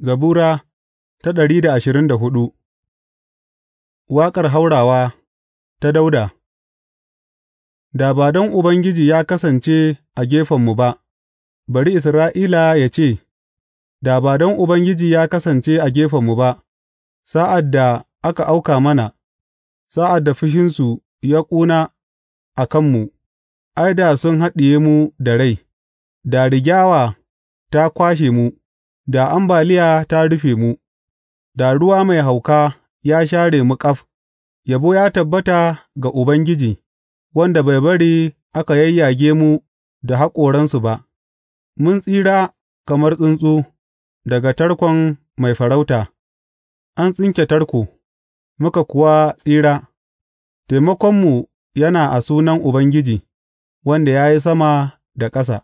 Zabura ta ɗari da ashirin da hudu Waƙar haurawa ta Dauda. Da ba don Ubangiji ya kasance a gefenmu ba, bari Isra'ila ya ce, Da ba don Ubangiji ya kasance a gefenmu ba, sa'ad da aka auka mana, sa'ad da fushinsu ya ƙuna a kanmu, ai, da sun haɗiye mu da rai, da rigyawa ta kwashe mu. da ambaliya ta rufe mu, da ruwa mai hauka ya share mu ƙaf, yabo ya tabbata ga Ubangiji, wanda bai bari aka yayyage mu da haƙoransu ba, mun tsira kamar tsuntsu daga tarkon mai farauta, an tsinke tarko, muka kuwa tsira, taimakonmu yana a sunan Ubangiji, wanda ya yi sama da ƙasa.